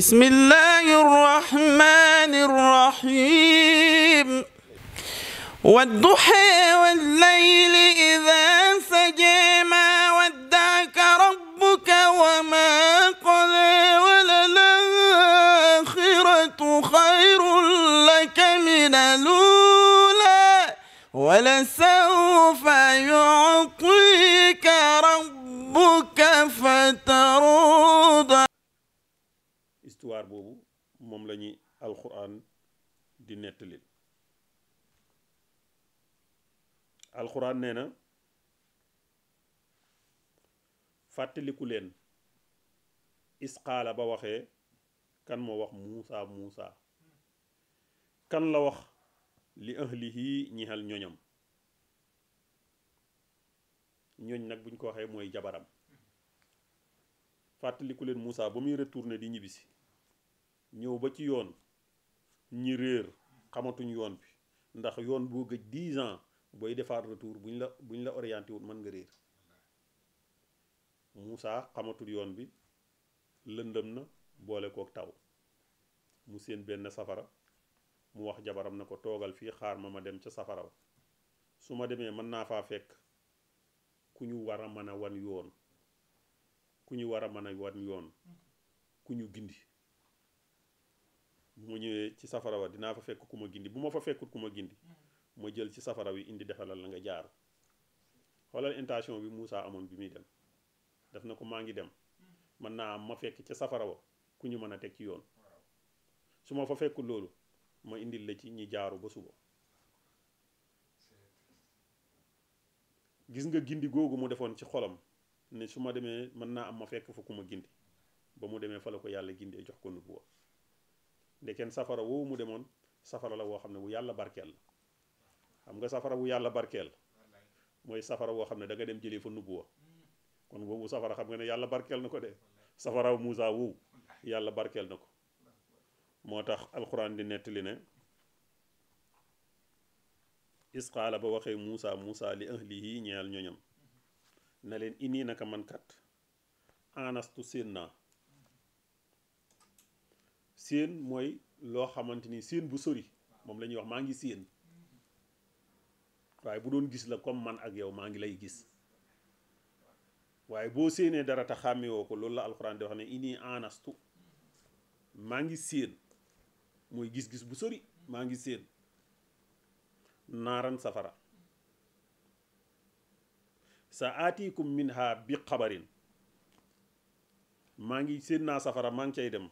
بسم الله الرحمن الرحيم والضحى والليل إذا سجى ما ودعك ربك وما قلى وللآخرة خير لك من الأولى ولسوف يعطيك ربك فترضى histoire boobu moom la ñuy alxuraan di nettali alxuraan nee na fàttaliku leen isqaala ba waxee kan moo wax muusa muusa kan la wax li ahlihi ñihal ñoñam ñooñ nag buñ ko waxee mooy jabaram fàttaliku leen muusa ba muy retourné di ñibbisi ñëw ba ci yoon ñi réer xamatuñ yoon bi ndax yoon boo gëj 10 ans booy defaat retour buñ la buñ la orienté wul mën nga réer musaa xamatul yoon bi lëndam na boole kook taw mu seen benn safara mu wax jabaram na ko toogal fii xaar ma ma dem ca safara wa su ma demee mën naa faa fekk ku ñu war a mën a wan yoon ku ñu war a mën a wan yoon ku ñu gindi bu ma ñëwee ci safara wa dinaa fa fekk ku ma gindi bu ma fa fekkut ku ma gindi ma jël ci safara wi indi defalal la nga jaar xoolal intention bi Moussa amoon bi muy dem daf na ko maa ngi dem mën naa ma fekk ca safara wa ku ñu mën a teg ci yoon su ma fa fekkul loolu ma indil la ci ñi jaaru ba gis nga gindi googu mu defoon ci xolam ne su ma demee mën naa am ma fekk fa ku ma gindi ba mu demee fa la ko yàlla gindee jox ko nubuwa ndekeen safara woowu mu demoon safara la woo xam ne bu yàlla barkeel la xam nga safara bu yàlla barkeel mooy safara woo xam ne danga dem jële fa nubuwa kon boobu safara xam nga ne yàlla barkeel na ko de safara Muusa woowu yàlla barkeel na ko moo tax alxuraan di nettali ne isqaala ba waxee Muusa Muusa li ahlihi ñeel ñoñam na leen inni naka man kat anastu séen naa séen mooy loo xamante ni séen bu sori moom lañuy wax maa ngi séen waaye bu doon gis la comme man ak yow maa ngi lay gis waaye boo séenee dara te xàmmewoo ko loolu la alxuraan di wax ne ini anastu maa ngi séen mooy gis-gis bu sori maa ngi séen naaran safara sa aatikum minha bi xabarin maa ngi séen naa safara maa ngi cay dem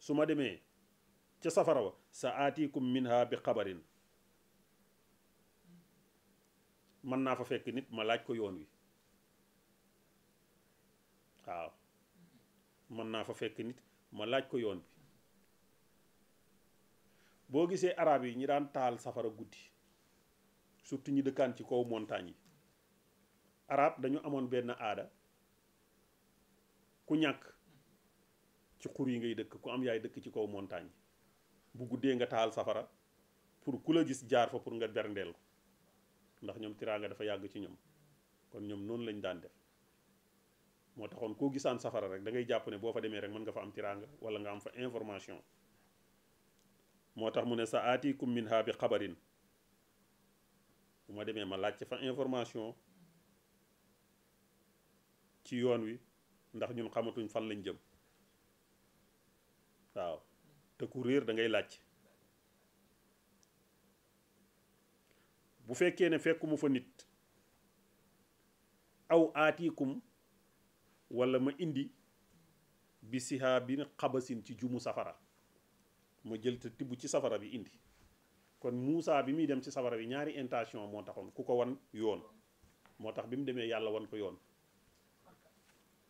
su ma demee ca safara wa sa aatikum minha bi xabarin mën naa fa fekk nit ma laaj ko yoon wi waaw mën naa fa fekk nit ma laaj ko yoon wi boo gisee arab yi ñu daan taal safara guddi surtout ñu dëkkaan ci kaw montagne yi arab dañu amoon benn aada ku ñàkk ci xur yi ngay dëkk ku am yaay dëkk ci kaw montagne bu guddee nga taal safara pour ku la gis jaar fa pour nga berndeel ko ndax ñoom tiraanga dafa yàgg ci ñoom kon ñoom noonu lañ daan def moo taxoon koo gisaan safara rek dangay jàpp ne boo fa demee rek mën nga fa am tiraanga wala nga am fa information moo tax mu ne sa aatikum min ha bi xabarin bu ma demee ma laajte fa information ci yoon wi ndax ñun xamatuñ fan lañ jëm waaw te ku réer da ngay laaj bu fekkee ne fekkumu fa nit aw aatiikum walla ma indi bi sihaa bi xabasin ci jumu safara ma jël te tibb ci safara bi indi kon Moussa bi muy dem ci safara bi ñaari intention moo taxoon ku ko wan yoon moo tax bi mu demee yàlla wan ko yoon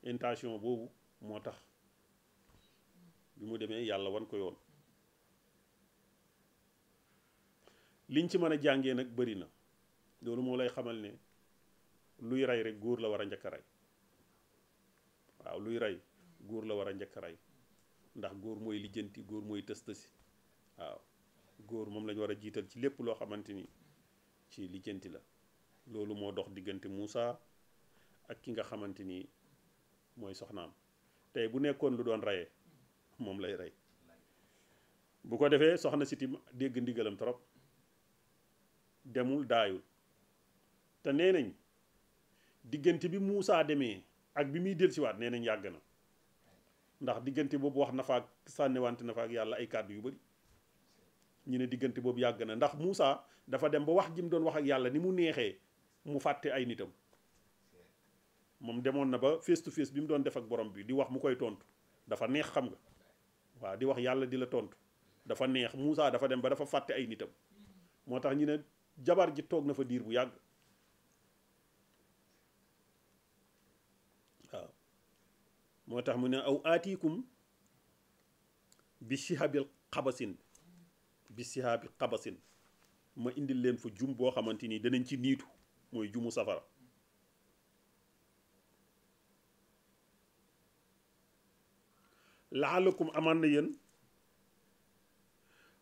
intention boobu moo tax bi mu demee yàlla wan ko yoon liñ ci mën a jàngee nag bari na loolu moo lay xamal ne luy rey rek góor la war a njëkk a rey waaw luy rey góor la war a njëkk rey ndax góor mooy lijjanti góor mooy tës-tësi waaw góor moom lañu war a jiital ci lépp loo xamante ni ci lijjanti la loolu moo dox diggante Moussa ak ki nga xamante ni mooy soxnaam tey bu nekkoon lu doon reyee moom lay rey bu ko defee soxna si tim dégg ndigalam trop demul daayul te nee diggante bi muusaa demee ak bi muy dellusiwaat nee nañ yàgg na ndax diggante boobu wax na fa ak sànniwante na ak yàlla ay kàddu yu bari ñu ne diggante boobu yàgg na ndax muusaa dafa dem ba wax ji mu doon wax ak yàlla ni mu neexee mu fàtte ay nitam moom demoon na ba face to face bi mu doon def ak borom bi di wax mu koy tontu dafa neex xam nga. waaw di wax yàlla di la tontu dafa neex Moussa dafa dem ba dafa fàtte ay nitam moo tax ñu ne jabar ji toog na fa diir bu yàgg waaw moo tax mu ne aw aatikum bi sihabil xabasin bi sihabil xabasin ma indil leen fa jum boo xamante ni danañ ci niitu mooy jumu safara laalakum amaan na yéen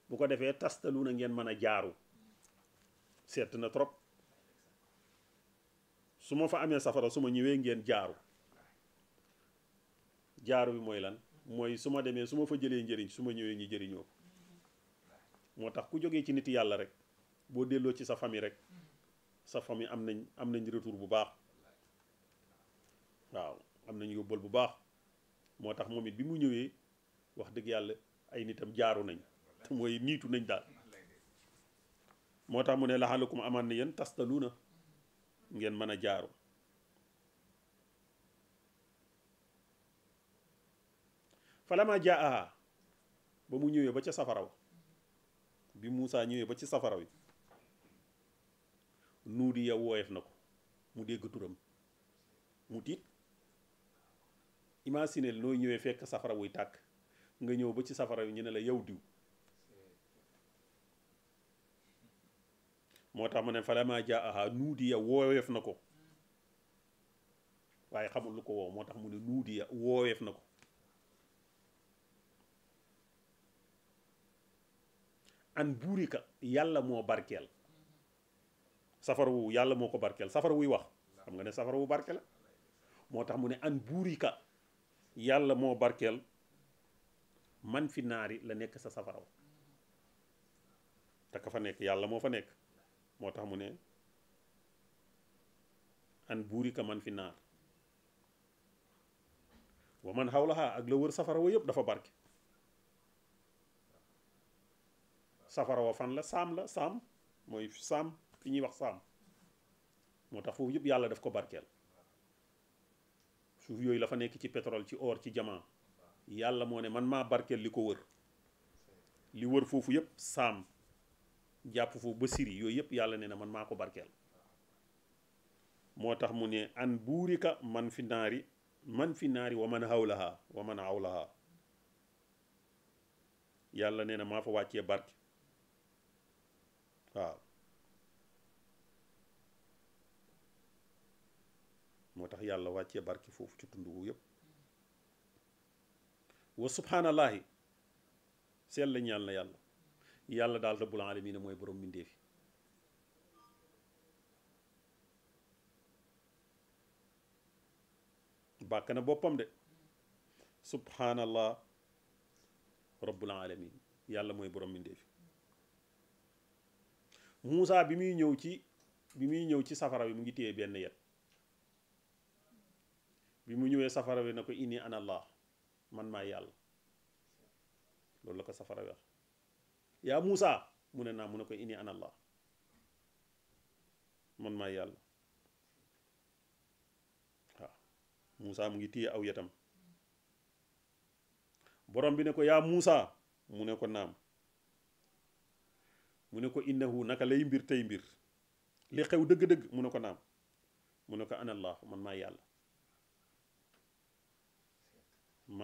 bu ko defee tastalu na ngeen mën a jaaru seet na trop su ma fa amee safara su ma ñëwee ngeen jaaru jaaru bi mooy lan mooy su ma demee su ma fa jëlee njëriñ su ma ñëwee ñu jëriñoo moo tax ku jógee ci nit yàlla rek boo delloo ci sa famille rek sa famille am nañ am nañ retour bu baax waaw am nañ yóbbal bu baax moo tax moom it bi mu ñëwee wax dëgg yàlla ay nitam jaaru nañ te mooy niitu nañ daal moo tax mu ne laxalakum amaan na yéen tastalu na ngeen mën a jaaru falama jaa ba mu ñëwee ba ca safaraw bi Moussa ñëwee ba ci safaraw yi nuudi ya wooyef na ko mu dégg turam mu tiit imaginer nooy ñëwee fekk safara wuy tàkk nga ñëw ba ci safara yu ñu ne la yow diw moo tax ma ne falamaa jaa aha nuudiya wooweef na ko waaye xamul lu ko woow moo tax mu ne nuudiya wooweef na ko an buurika yàlla moo barkeel safara wu yàlla moo ko barkeel safara wuy wax xam nga ne safara wu barke moo tax mu ne an buurika yàlla moo barkeel man fi naari la nekk sa safaraw te ka fa nekk yàlla moo fa nekk moo tax mu ne an buuri ka man fi naar wa man xawlaxaa ak la wër safara wa yëpp dafa barke safara fan la saam la saam mooy saam fi ñuy wax saam moo tax foofu yëpp yàlla def ko barkeel suuf yooyu la fa nekk ci pétrole ci or ci diamant yàlla moo ne man maa barkeel li ko wër li wër foofu yëpp saam jàpp foofu ba siri yooyu yëpp yàlla ne na man maa ko barkeel moo tax mu ne an buurika man fi naari man fi naari wa man hawlaha wa man hawlaha yàlla nee na maa fa wàccee barke waaw moo tax yàlla wàccee barke foofu ci tund wu yëpp wa subhaanallaahi seel la ñaan la yàlla yàlla daal rabbul aalamiina mooy borom mbindéef yi bàkk na boppam de subhanallah rabbul alamin yàlla mooy borom mbindéef Muusa bi muy ñëw ci bi muy ñëw ci safara bi mu ngi téye benn yet bi mu ñëwee safara wi na ko indi ana allah man maa yàlla loolu la ko safara wax yaa Muusa mu ne naa mu ne ko indi ana allah man maa mu ngi téye aw yetam borom bi ne ko yaa Muusa mu ne ko naam mu ne ko innahu naka lay mbir tey mbir li xew dëgg-dëgg mu ne ko naam mu ne ko ana allah man maa yàlla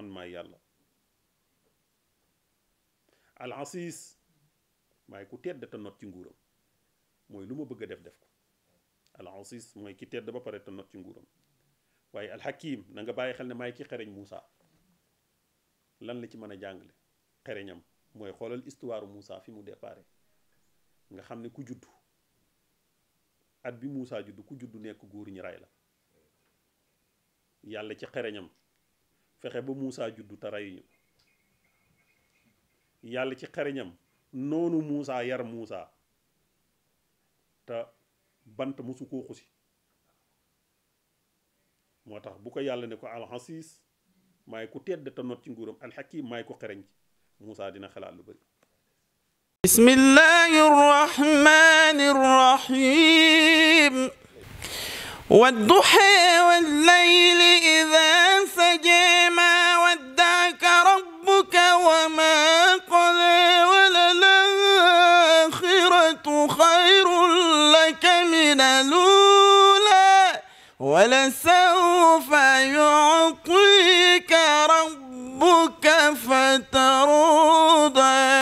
man maay yàlla al asis ku tedd te not ci nguuram mooy lu ma bëgg a def def ko al mooy ki tedd ba pare te ci nguuram waaye alxakim na nga bàyyi xel ne maay ki xereñ Moussa lan la ci mën a jàngale xereñam mooy xoolal histoire Moussa fi mu déparé nga xam ne ku juddu at bi muusa juddu ku juddu nekk góor ñi ray la yàlla ci xereñam fexe ba Moussa juddu te reyuñu yàlla ci xariñam noonu muusa yar muusa te bant mosu koo xusi moo tax bu ko yàlla ne ko alxasiis maay ku tedd te not ci nguuram alxakim maay ko xereñ ci dina xalaat lu bëri bismillahi rahmani rahim wadduha wallayli idaa saja ولسوف يعطيك ربك